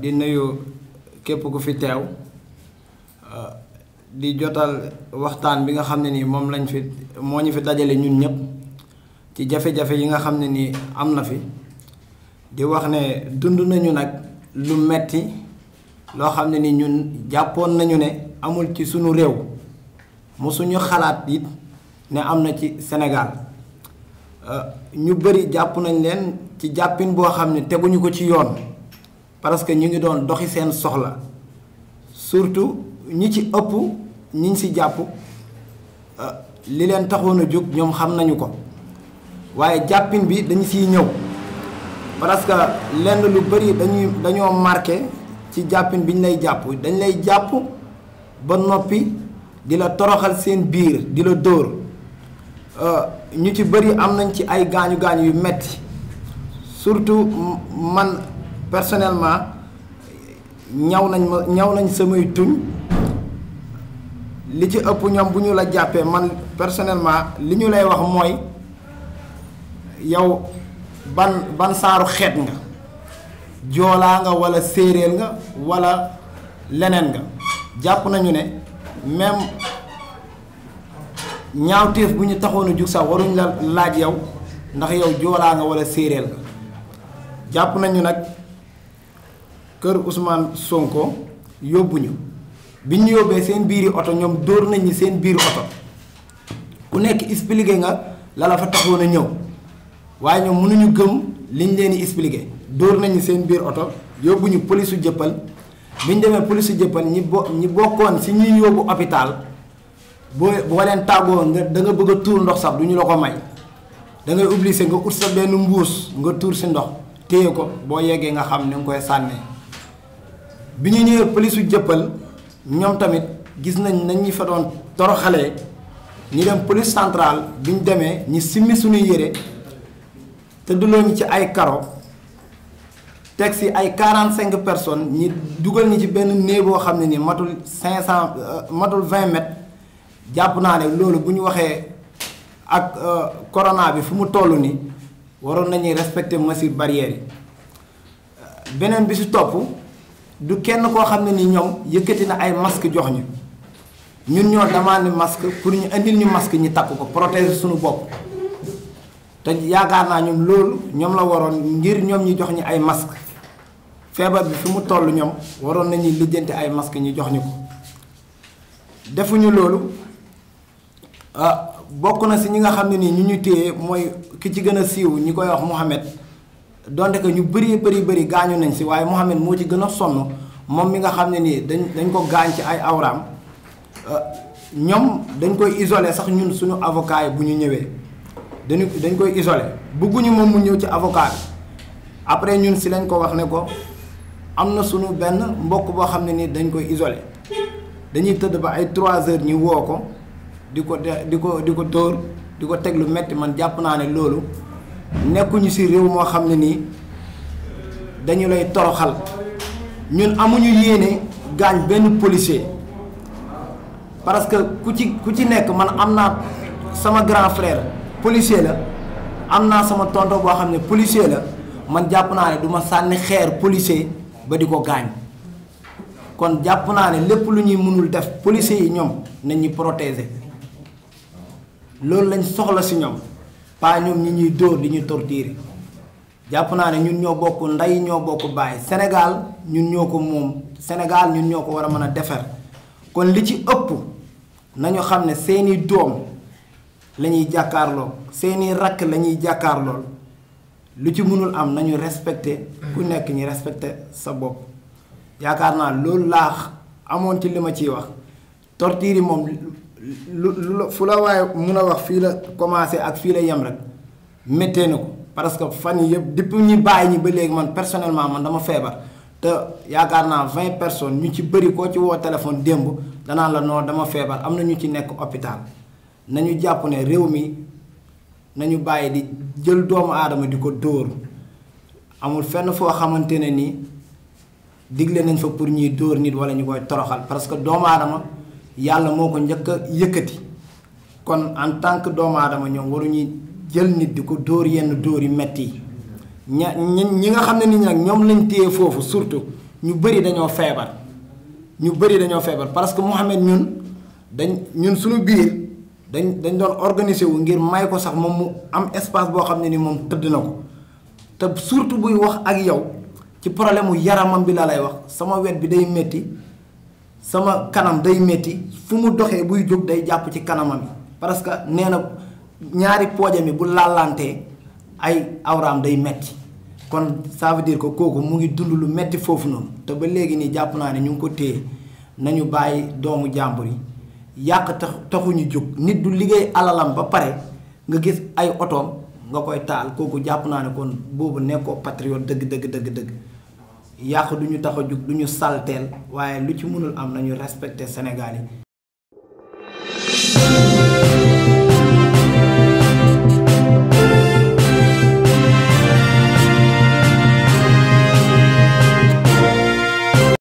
di nuyu képp ku fi teew ah, di jotal waxtaan bi nga xam ne nii moom lañ fi moo ñu fi dajale ñun ñëpp ci jafe-jafe yi nga xam ne nii am na fi di wax ne dund nañu nag lu metti loo xam ne nii ñun jàppoon nañu ne amul ci sunu réew mosuñu xalaat it ne am na ci Sénégal ah, ñu bëri jàpp nañ leen ci jàppin boo xam ne teguñu ko ci yoon parce que ñu ngi doon doxi seen soxla surtout ñi ci ëpp ñiñ si jàpp euh, li leen taxoon a jóg ñoom xam nañu ko waaye jàppin bi dañu siy ñëw parce que lenn lu bëri dañuy dañoo marqué ci jàppin bi ñu lay jàpp dañ lay jàpp ba noppi di la toroxal seen biir di la dóor euh, ñu ci bëri am nañ ci ay gaañu gaañu yu metti surtout man personnellement ñaw nañ ma ñaw nañ samay tuñ li ci ëpp ñoom bu ñu la jàppee man personnellement li ñu lay wax mooy yow ban ban saaru xeet nga joolaa nga walla séeréer nga walla leneen nga jàpp nañu ne même ñaawteef bu ñu taxoon a sax waruñ la laaj yow ndax yow joolaa nga walla séeréel nga jàpp nañu nag kër Ousmane Sonko yóbbuñu bi ñu yóbbee seen biiri oto ñoom dóor nañ ñi seen biir oto ku nekk expliqué nga la la fa taxoon a ñëw waaye ñoom mënuñu gëm liñ leen di dóor nañu seen biir oto yóbbuñu polisu jëppal bi ñu demee polisu jëppal ñi bo ñi bokkoon si ñuy yóbbu hôpital boo boo leen tàggoo nga danga nga bëgg tuur ndox sax du ñu la ko may da ngay obligé nga ut sa benn mbuus nga tuur si ndox téye ko boo yeggee nga xam ni nga koy sànnee. bi ñu ñëwee polisu jëppal ñoom tamit gis nañ nañ ñi fa doon toroxalee ñu dem police central bi ñu demee ñi simmi suñuy yére te duloo ñu ci ay karo teg si ay quarante cinq personnes ñi dugal ñi ci benn néeg boo xam ne ni matul cinq cent euh, matul vingt jàpp naa ne loolu bu ñu waxee ak euh, corona bi fu mu toll ni waroon nañuy respecter mesures barrières yi euh, beneen bi si topp du kenn koo xam ne ni ñoom yëkkati na ay masque jox ñu ñun ñoo demandé masque pour ñu indi ñu masque ñi takk ko protéger suñu bopp te yaakaar naa ñoom loolu ñoom la waroon ngir ñoom ñi jox ñu ay masque feebar bi fi mu toll ñoom waroon nañuy lijjanti ay masque ñu jox ñu ko defuñu loolu ah bokk na si ñi nga xam ne nii ñu ñu téye mooy ki ci gën a siiw ñi koy wax Mouhamed donte que ñu bëri bëri bëri gaañu nañ si waaye Mouhamed moo ci gën a sonn moom mi nga xam ne nii dañ dañ ko gaañ ci ay awraam euh, ñoom dañ koy isolé sax ñun suñu avocat yi bu ñu ñëwee dañu dañ koy isolé bëgguñu moom mu ñëw ci avocat bi après ñun si lañ ko wax ne ko am na suñu benn mbokk boo xam ne nii dañ koy isole dañuy tëdd ba ay trois heures ñu woo ko di ko di ko di ko dóor di ko teg lu metti man jàpp naa ne loolu nekkuñu si réew moo xam ne nii dañu lay toroxal ñun amuñu yéene gaañ benn policier parce que ku ci ku ci nekk man am naa sama grand frère policier la am naa sama tonton boo xam ne policier la man jàpp naa ne du ma sànni xeer policier ba di ko gaañ kon jàpp naa ne lépp lu ñuy mënul def policier yi ñoom nañ ñu protéger loolu lañ soxla si ñoom. pas ñoom ñi ñuy dóor di ñu torturer jàpp naa ne ñun ñoo bokk ndey ñoo bokk bàyyi senegaal ñun ñoo ko moom senegaal ñun ñoo ko war a mën a defar kon li ci ëpp nañu xam ne seeni doom lañuy ñuy jàkkaarloo seeni rakk la ñuy jàkkaarloo lu ci mënul am nañu respecté ku nekk ñi respecté sa bopp yaakaar naa loolu laax amoon ci li ma ciy wax torture moom lu lu la fu la waaye mun a wax fii la commencé ak fii la yem rek méttee na ko parce que fan yi yëpp depuis ñu bàyyi ñi ba léegi man personnellement man dama feebar te yaakaar naa vingt personnes ñu ci bëri koo ci woo téléphone démb danaan la non dama feebar am na ñu ci nekk hôpital nañu jàpp ne réew mi nañu bàyyi di jël doomu aadama di ko dóor amul fenn foo xamante ne nii digle nañ fa pour ñuy dóor nit wala ñu koy toroxal parce que doomu aadama. yàlla moo ko njëkk a yëkkati kon en tant que doomu aadama ñoom waruñu jël nit di ko dóor yenn dóor yi metti yi ña ñi nga xam ne nit ñi nag ñoom lañ téye foofu surtout ñu bëri dañoo feebar ñu bëri dañoo feebar parce que Mouhamed ñun dañ ñun suñu biir dañ dañ doon organiser wu ngir may ko sax moom mu am espace boo xam ne ni moom tëdd na ko te surtout buy wax ak yow ci problème mu yaramam bi la lay wax sama wet bi day métti sama kanam day métti fu mu doxee buy jóg day jàpp ci kanamam yi parce que nee na ñaari poojam yi bu laalantee ay awraam day metti kon ça veut dire que kooku mu ngi dund lu metti foofu noonu te ba léegi nii jàpp naa ne ñu ngi ko téye nañu bàyyi doomu jàmbur yi yàq tax taxuñu jóg nit du liggéey alalam ba pare nga gis ay otoom nga koy taal kooku jàpp naa ne kon boobu nekkoo patriote dëgg dëgg dëgg dëgg yàq du ñu tax a jug du ñu salteel waaye lu ci mënul am nañu respecté Sénégal yi